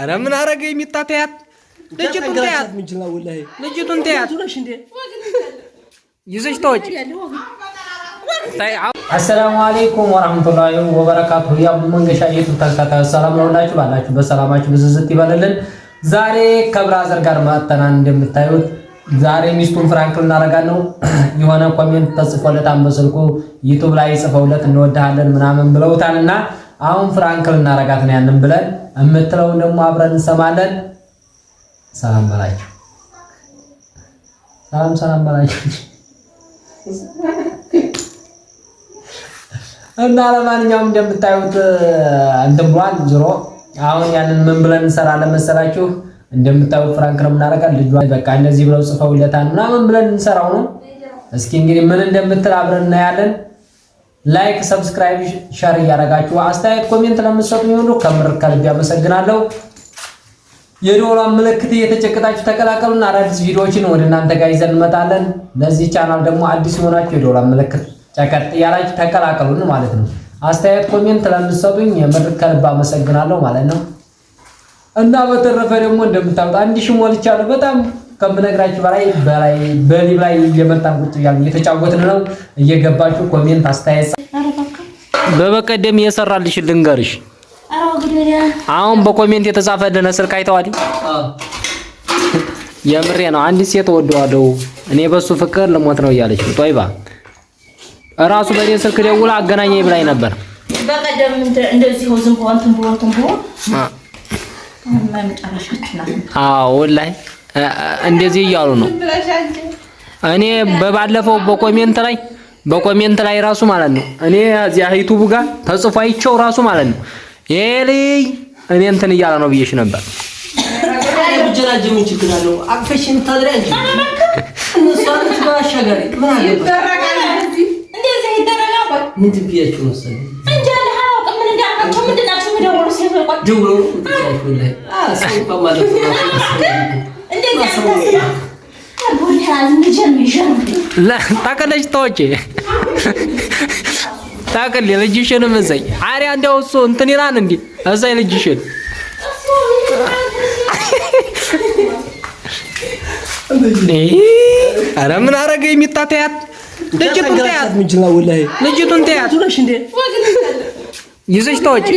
አረ ምን አረገ? የሚታ ተያት፣ ልጅቱን ተያት፣ ልጅቱን ተያት ይዘሽ ተወጪ። አሰላሙ አለይኩም ወራህመቱላሂ ወበረካቱ። ያቡ መንገሻ የቱብ ተከታታዮች ሰላም ሆናችሁ ባላችሁ በሰላማችሁ ብዝዝት ይበልልን። ዛሬ ከብራዘር ጋር ማጠናን እንደምታዩት ዛሬ ሚስቱን ፍራንክ እናደርጋለሁ። የሆነ ኮሜንት ተጽፎለት በስልኩ ዩቱብ ላይ ጽፈውለት እንወድሃለን ምናምን ብለውታልና አሁን ፍራንክል እናረጋት ነው ያንን ብለን የምትለውን ደግሞ አብረን እንሰማለን። ሰላም በላችሁ። ሰላም ሰላም በላችሁ እና ለማንኛውም እንደምታዩት እንትን ብሏል። ዞሮ አሁን ያንን ምን ብለን እንሰራለን መሰላችሁ? እንደምታዩት ፍራንክ ነው የምናረጋት። ልጇ በቃ እንደዚህ ብለው ጽፈውለታል ምናምን ብለን እንሰራው ነው። እስኪ እንግዲህ ምን እንደምትል አብረን እናያለን። ላይክ፣ ሰብስክራይብ፣ ሸር እያደረጋችሁ አስተያየት ኮሜንት ለምሰጡ ሁሉ ከምር ከልብ ያመሰግናለሁ። የዶላር ምልክት እየተጨቀጣችሁ ተቀላቀሉና አዳዲስ ቪዲዮዎችን ወደ እናንተ ጋር ይዘን እንመጣለን። ለዚህ ቻናል ደግሞ አዲስ የሆናችሁ የዶላር ምልክት ጨቀጥ እያላችሁ ተቀላቀሉን ማለት ነው። አስተያየት ኮሜንት ለምትሰጡኝ የምር ከልብ አመሰግናለሁ ማለት ነው እና በተረፈ ደግሞ እንደምታውቁት አንድ ሺህ ሞልቻለሁ በጣም ከምነግራችሁ በላይ በላይ በሊብ ላይ እየመጣን ቁጭ እያልን እየተጫወትን ነው። እየገባችሁ ኮሜንት አስተያየት በበቀደም እየሰራልሽ ልንገርሽ። አሁን በኮሜንት የተጻፈልን ስልክ አይተዋል። የምሬ ነው። አንዲት ሴት ወደዋለሁ እኔ በሱ ፍቅር ልሞት ነው እያለች ጦይባ እራሱ በእኔ ስልክ ደውላ አገናኘኝ ብላኝ ነበር። በቀደም እንደዚህ ዝም ብሆን ትንብሆን ትንብሆን አዎ ወላሂ እንደዚህ እያሉ ነው። እኔ በባለፈው በኮሜንት ላይ በኮሜንት ላይ ራሱ ማለት ነው እኔ እዚያ ዩቲዩብ ጋር ተጽፎ አይቼው ራሱ ማለት ነው ይሄ ልይ እኔ እንትን እያለ ነው ብዬሽ ነበር። ምን ታቀለች ታወጪ ታቀል ልጅሽን እመዘኝ አሪያ እንደው እሱ እንትን ይላል እንዴ እዛይ ልጅሽን ኧረ ምን አረገ? የሚታተያት ልጅቱን ተያት፣ ልጅቱን ተያት ይዘሽ ታወጪ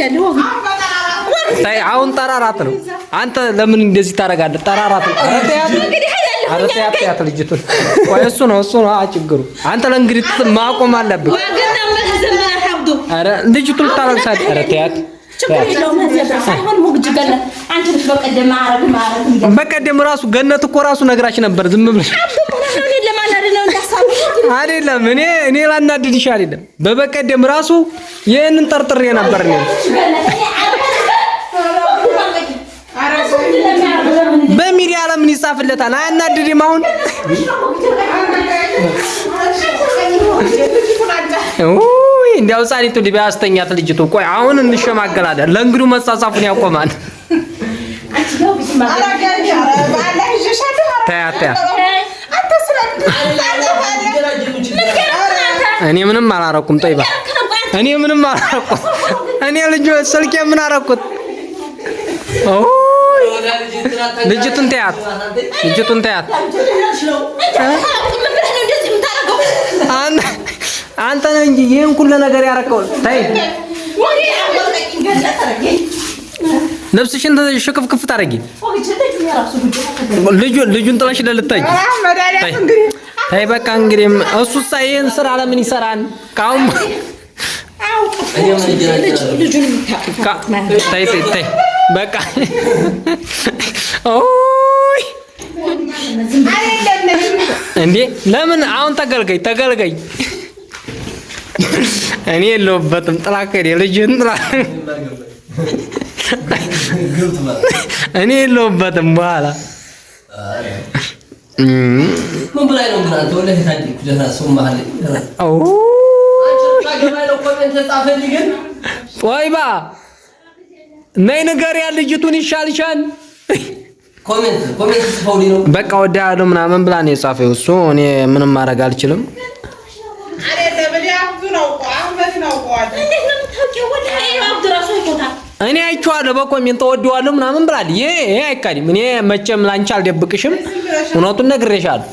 ታይ አሁን ጠራራት ነው። አንተ ለምን እንደዚህ ታደርጋለህ? ጠራራት ነው። አረ ተያት ተያት ልጅቱን። ቆይ እሱ ነው እሱ ነው ችግሩ። አንተ ለእንግዲህ ማቆም አለብህ። አረ ልጅቱን ልታረግሳት። አረ ተያት በቀደም ራሱ ገነት እኮ ራሱ ነግራች ነበር። ዝም ብለሽ አይደለም እኔ እኔ ላናድድሽ አይደለም። በበቀደም ራሱ ይህንን ጠርጥሬ ነበር ነው ይጻፍለታል። አያናድድም? አሁን እንዲያው ጻሊቱ ቢያስተኛት ልጅቱ። ቆይ አሁን እንሸማገላለን። ለእንግዱ መጻጻፉን ያቆማል። እኔ ምንም አላረኩም። ጠይባ እኔ ምንም አላረኩም። እኔ ልጅ ስልኬ ምን አረኩት? ልጅቱን ተያት፣ ልጅቱን ተያት። አንተ ነው እንጂ ይህን ሁሉ ነገር ያደረገው። ተይ ልብስሽን ሽክፍክፍ ታደርጊ። ልጁን ጥለሽ ለልታይ ተይ በቃ እንግዲህ እሱ ይህን ስራ ለምን ይሰራል? ካሁን በቃ እንዴ ለምን አሁን ተገልገኝ ተገልገኝ። እኔ የለሁበትም። ጥላ ከሄደ ልጅህን ጥላ። እኔ የለሁበትም። በኋላ ጦይባ ነይ ንገሪያ ልጅቱን ይሻልሻል። በቃ ወደ ያለው ምናምን ብላ ነው የጻፈው እሱ። እኔ ምንም ማድረግ አልችልም። እኔ አይቼዋለሁ በኮሜንት ወደዋለሁ ምናምን ብላል። ይሄ አይካድም። እኔ መቼም ላንቺ አልደብቅሽም፣ እውነቱን ነግሬሻለሁ።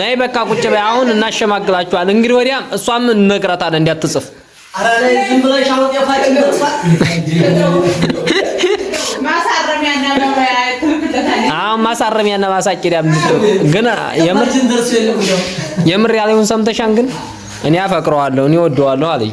ነይ በቃ ቁጭ በይ። አሁን እናሸማግላችኋል። እንግዲህ ወዲያም እሷም እነግራታለሁ እንዲያትጽፍ አሁን ማሳረሚያና ማሳቂያ ግን የምር ያለውን ሰምተሻን ግን እኔ አፈቅረዋለሁ፣ እኔ ወደዋለሁ አለኝ።